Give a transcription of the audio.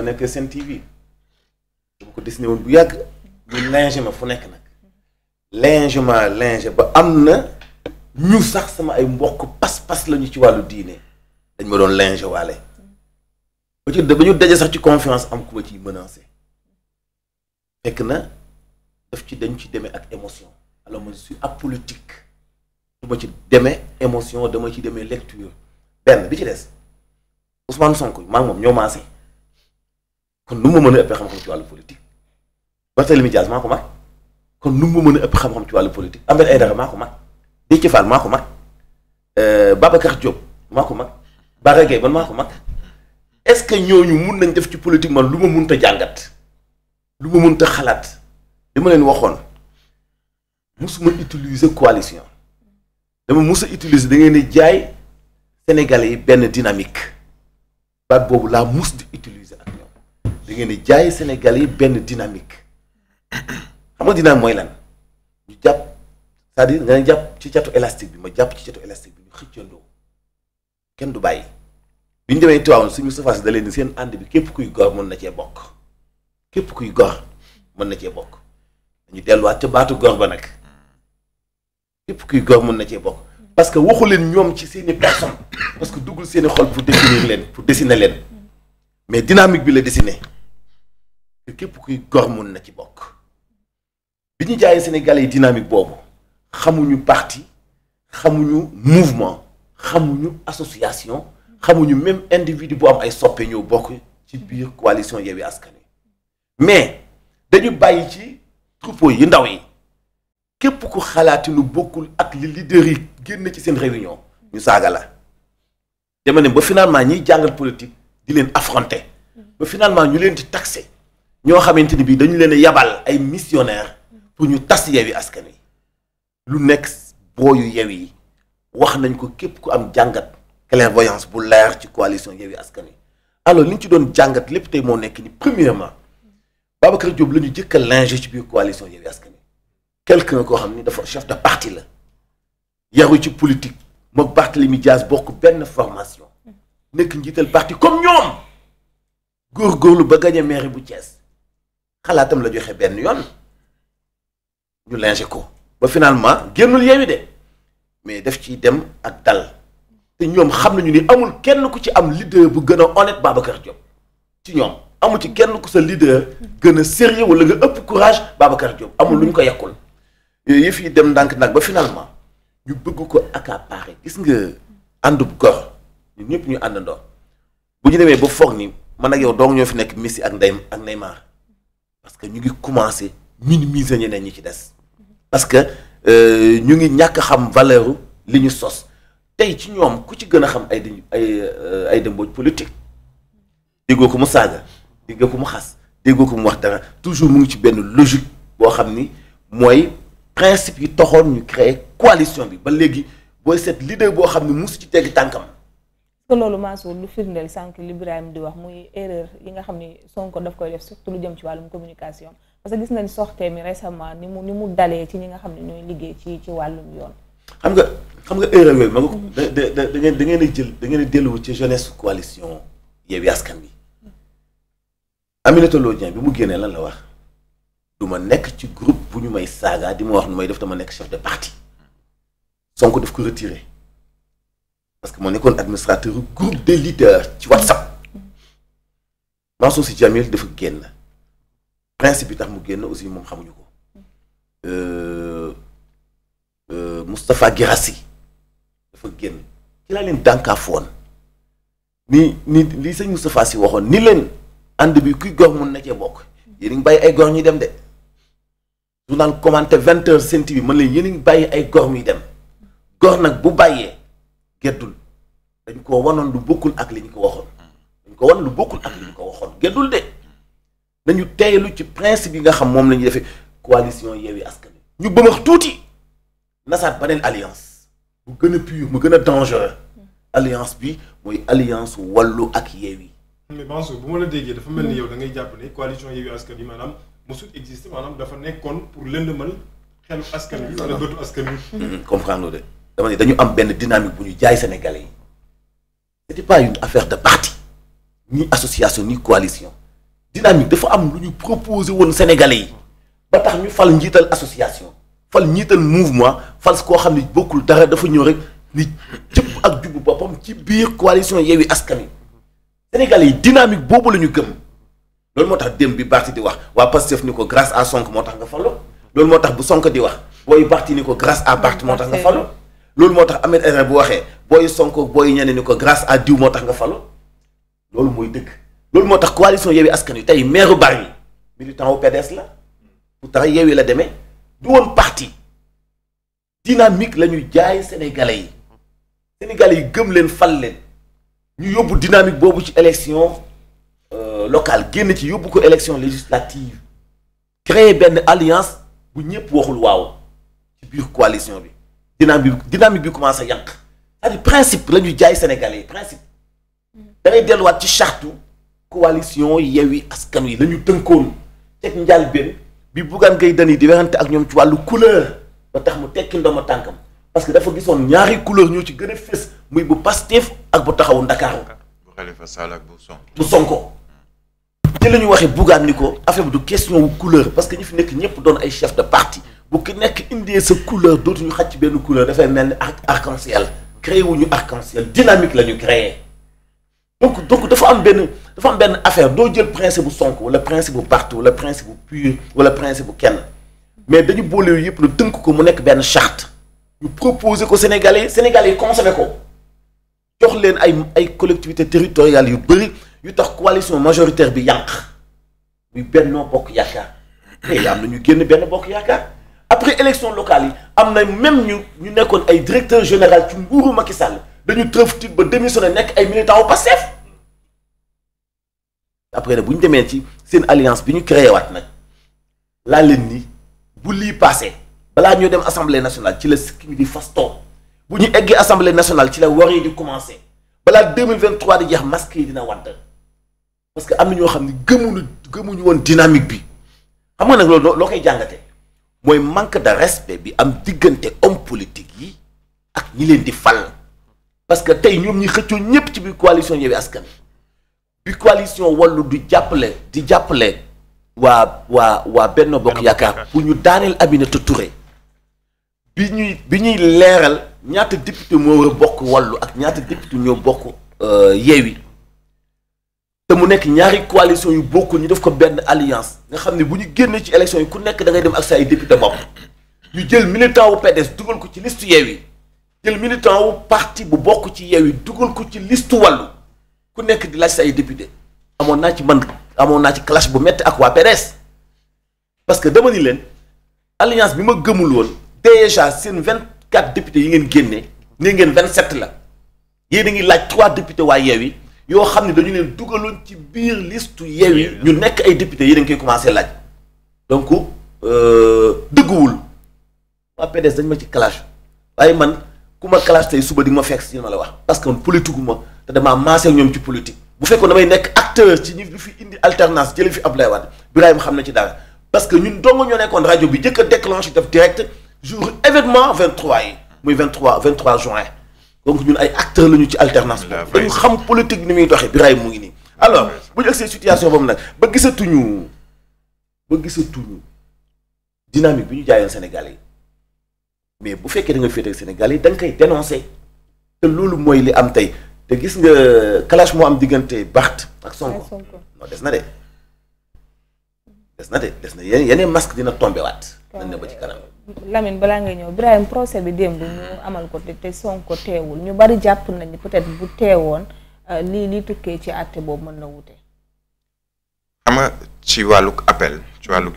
ñoo nekk seen TV dama ko dessiné bu yàgg ñu linge ma fu nekk nag linge ma linge ba am na ñu sax sama ay mbokk pas-pas lañu ci wàllu diine dañ ma doon linge waale ba ci ba daje sax ci confiance am ku ma ciy menacé fekk na daf ci dañ ci demee ak émotion alors man je suis apolitique du ci demee émotion dama ci demee lecture benn bi ci des Ousmane Sonko maa ngi moom ñoo maase kon nu mu mën a ëppee xam-xam ci wàllu politique Barthélemy Dias maa ko mar kon nu mu mën a ëpp xam-xam ci wàllu politique Ahmed Aïdara maa ko mar Déthié Fall maa ko mar euh, Babacar Diop maa ko mag Bara Gaye man maa ko mag est-ce que ñooñu mun nañ def ci politique man lu ma munta jàngat lu ma munta xalaat li ma leen waxoon musuma utiliser coalition dama musa utiliser da ngeen di jaay Sénégalais yi benn dynamique baat boobu laa mus di utiliser ak da ngeen di jaay Sénégal yi benn dynamique xam nga dynamique mooy lan ñu jàpp cest à nga ne jàpp ci catu élastique bi ma jàpp ci catu élastique bi ñu xëccandoo kenn du bàyyi bi ñu demee Tiwaawan suñu surface da leen ni seen ànd bi képp kuy gor mën na cee bokk képp kuy gor mën na cee bokk dañu delluwaat ca baatu gor ba nag képp kuy gor mën na cee bokk parce que waxu leen ñoom ci seeni personne parce que duggul seeni xol pour définir leen pour dessiner leen mais dynamique bi la dessiner képp kuy gor mun na ci bokk bi ñu jaayee Sénégalais yi dynamique boobu xamuñu parti xamuñu mouvement xamuñu association xamuñu même individu bu ay soppe ñëw ci biir coalition Yewwi Askan Wi mais dañu bàyyi ci troupeau yi ndaw yi képp ku xalaati lu bokkul ak li leader yi génn ci seen réunion ñu saaga la dama ne ba finalement ñiy jàngal politique di leen affronter ba finalement ñu leen di taxer ñoo xamante ni bii dañu leen a yabal ay missionnaire pour ñu tas Yewwi Askan Wi lu nekk yu Yewwi yi wax nañ ko képp ku am jàngat clairvoyance bu leer ci coalition Yewwi Askan Wi alors li ñu ci doon jàngat lépp tey moo nekk ni premièrement Babacar Diop la ñu jëkk a linger ci biir coalition Yewwi Askan Wi quelqu'un koo xam ni dafa chef de parti la yaru ci politique mook Barthélémy Dias bokk benn formation nekk njiital parti comme ñoom góorgóorlu ba gagné maire bu Thiès xalaatam la joxe benn yoon ñu linger ko ba finalement génnul yeewi de mais def ciy dem ak dal te ñoom xam nañu ni amul kenn ku ci am leader bu gën a honnête Babacar Diop ci ñoom amul ci kenn ku sa leader gën a sérieux wala nga ëpp courage Babacar Diop amul lu ñu ko yekkul yooyu fi dem ndànk nag ba finalement ñu bëgg ko accaparer gis nga àndub gor ñun ñëpp ñu àndandoo bu ñu demee ba foog ni man ak yow dong ñoo fi nekk Messi ak Ndey ak Neymar parce que ñu ngi commencé minimiser ñeneen ñi ci des parce que euh, ñu ngi ñàkk xam valeur li ñu sos tey ci ñoom ku ci gën a xam ay di ay euh, ay dëmbooj politique déggoo ko mu saaga déggoo ko mu xas déggoo ko mu wax dara toujours mu ngi ci benn logique boo xam ni mooy principe yi toxoon ñu créer coalition bi ba léegi booy seet leader boo xam ne musu ci tegg tànkam te loolu Mansour lu firndeel sànq li di wax muy erreur yi nga xam ni Sonko daf koy def surtout lu jëm ci wàllum communication parce que gis nañ sortie mi récemment ni mu ni mu dalee ci ñi nga xam ne ñooy liggéey ci ci wàllum yoon. xam nga xam nga erreur yooyu ma nga ko da da da ngeen da jël da ngeen di dellu ci jeunesse coalition Yewwi Askan Wi Aminata Lô Dieng bi mu génnee lan la wax du ma nekk ci groupe bu ñu may saaga di ma wax nu may def dama nekk chef de parti Sonko ko retiré. parce que moo nekkoon administrateur groupe de leaders ci WhatsApp Mansour Sy Djamil dafa génn principe bi tax mu génn aussi moom xamuñu ko euh, euh, Moustapha Guirassi dafa génn ci laa leen dànkaafoon ni ni li sëñ Moustapha si waxoon ni leen ànd bi kuy gox mun na cee bokk yéen a bàyyi ay gox ñuy dem de journal commenté vingt heures Sen bi mën leen yéen a ngi bàyyi ay gox mi dem gor nag bu bàyyee geddul dañ ko wanoon lu bokkul ak li ñu ko waxoon dañ ko wan lu bokkul ak li ñu ko waxoon geddul de nañu teeylu ci principe yi nga xam moom la ñuy defee coalition Yewwi Askan Wi ñu bëmax tuuti nasaat beneen alliance bu gën a pur mu gën a dangereux alliance bi mooy alliance wàllu ak Yewwi mais bu ma la déggee dafa mel ni yow da ngay jàpp ne coalition Yewwi Askan Wi maanaam mosut existe maanaam dafa nekkoon pour lëndëmal xelu askan wi wala bëtu askan wi comprendre de dama ne dañu am benn dynamique bu ñu jaay sénégalais yi c'était pas une affaire de parti ni association ni coalition dynamique dafa am lu ñu proposé woon sénégalais yi ba tax ñu fal njiital association fal njiital mouvement fal koo xam ne bokkul dara dafa ñëw rek ni jëpp ak jubbu boppam ci biir coalition Yewwi Askan yi sénégalais yi dynamique boobu la ñu gëm loolu moo tax démb bi Barth di wax waa Pastef ni ko grâce à Sonko moo tax nga fallo loolu moo tax bu Sonko di wax booy Barth ko grâce à Barth moo tax loolu moo tax Ahmed Aidara bu waxee booy Sonko booy ñenee ni ko grace à Dieu moo tax nga falo loolu mooy dëgg loolu moo tax coalition Yewwi Askan Wi tey maire Bargny militant wu pedes la bu pourtant Yewwi la demee du woon parti dynamique la ñu jaay sénégalais yi sénégalais yi gëm leen fal leen ñu yóbbu dynamique boobu ci élection euh, locale génn ci yóbbu ko élection législative créer benn alliance bu ñëpp waxul waaw ci biir coalition bi dynamique bi dynamique bi commencé yàq cest à principe la ñu jaay sénégalais principe da delluwaat ci charte coalition Yewwi Askan Wi la ñu tënkoon teg njëlbéen bi Bougane Gueye Dany di werante ak ñoom ci wàllu couleur ba tax mu tekki ndooma tànkam parce que dafa gisoon ñaari couleur ñoo ci gën a fës muy bu Pastef ak bu taxawu Ndakaaru bu Khalifa Sall ak bu Sonko bu Sonko ñu waxee Bougane ni ko affaire bi du question wu couleur parce que ñu fi nekk ñëpp doon ay chef de parti bu ki nekk indee sa couleur dootuñu xaj ci benn couleur dafay mel ni arc-en-ciel créé wuñu arc-en-ciel dynamique la ñu créé donc donc dafa am benn dafa am benn affaire doo jël principe bu sonk wala principe bu Barth wala principe bu Pur wala principe bu kenn mais dañu boole yooyu yëpp la tënk ko mu nekk benn charte ñu proposer ko Sénégalais Sénégalais yi consommé ko jox leen ay ay collectivités territoriales yu bëri yu tax coalition majoritaire bi yànq muy Benno Bokk Yaakaar mais am na ñu génn Benno Bokk Yaakaar. après élection locale yi am na même ñu ñu nekkoon ay directeur général ci nguuru Macky Sall dañu tëf ba ba démissionné nekk ay militant au Pastef après nag bu ñu demee ci seen alliance bi ñu créé waat nag laa leen ni bu lii passé balaa ñoo dem assemblée nationale ci la sikkim di fastoo bu ñu eggee assemblée nationale ci la war yi di commencé balaa 2023 di jeex masque yi dina wadd parce que am na ñoo xam ne gëmuñu gëmuñu woon dynamique bi xam nga nag loolu loo koy jàngate mooy manque de respect bi am diggante homme politique yi ak ñi leen di fal parce que tey ñoom ñi xëccoo ñépp ci biir coalition Yewwi Askan bi coalition Wallu du jàppale di jàppale waa waa waa benn Bokk Yaakaar pour ñu daaneel Aminata Touré bi ñuy bi ñuy leeral ñaata député moo war bokk Wallu ak ñaata député ñoo bokk euh, Yewwi te mu nekk ñaari coalition yu bokkul ñu def ko benn alliance nga xam ne buñu ñu génnee ci élection yi ku nekk da ngay dem ak sa ay député bopp ñu jël militant wu PDS dugal ko ci liste Yewwi jël militant wu parti bu bokk ci yi dugal ko ci liste wàllu ku nekk di laaj sa ay député amoon naa ci man amoon naa ci clash bu metti ak waa PDS parce que dama ni leen alliance bi ma gëmul woon déjà seen vingt quatre députés yi ngeen génnee nee ngeen vingt sept la yéen ngi laaj trois députés waa Yewwi yoo xam ne dañu leen dugaloon ci biir liste Yewwi ñu nekk ay député yi dañ koy commencé laaj donc euh, dëgguwul waa PDS dañ ma ci clash waaye man ku ma clash tey suba di nga ma fekk si ma la wax parce que man politique ma te damaa maase ñoom ci politique bu fekkoon damay nekk acteur ci ñu fi indi alternance jële fi Abdoulaye Wade Birahim xam na ci dara parce que ñun dong ñoo nekkoon rajo bi jëkk a def direct jour événement 23 yi muy 23 23 juin donc ñun ay acteurs lañu ci alternance boobu dañu xam politique ni muy doxee Birahim mu ngi nii alors bu ñu agsee situation boobu nag ba gisatuñu ba gisatuñu dynamique bi ñu jaayoon Sénégal yi mais bu fekkee da nga féetee Sénégal yi da nga koy dénoncé te loolu mooy li am tey te gis nga clash moo am diggante Barth ak Sonko non des na de des na de des na yeneen yeneen dina tombé waat nañ ci kanam lamin balaa ngay ñëw Birahim procès bi démb ñu amal ko te te Sonko teewul ñu bari jàpp nañu peut-être bu teewoon euh, lii lii tukkee ci àtte boobu mën na wute. ama ci wàllug appel ci wàllug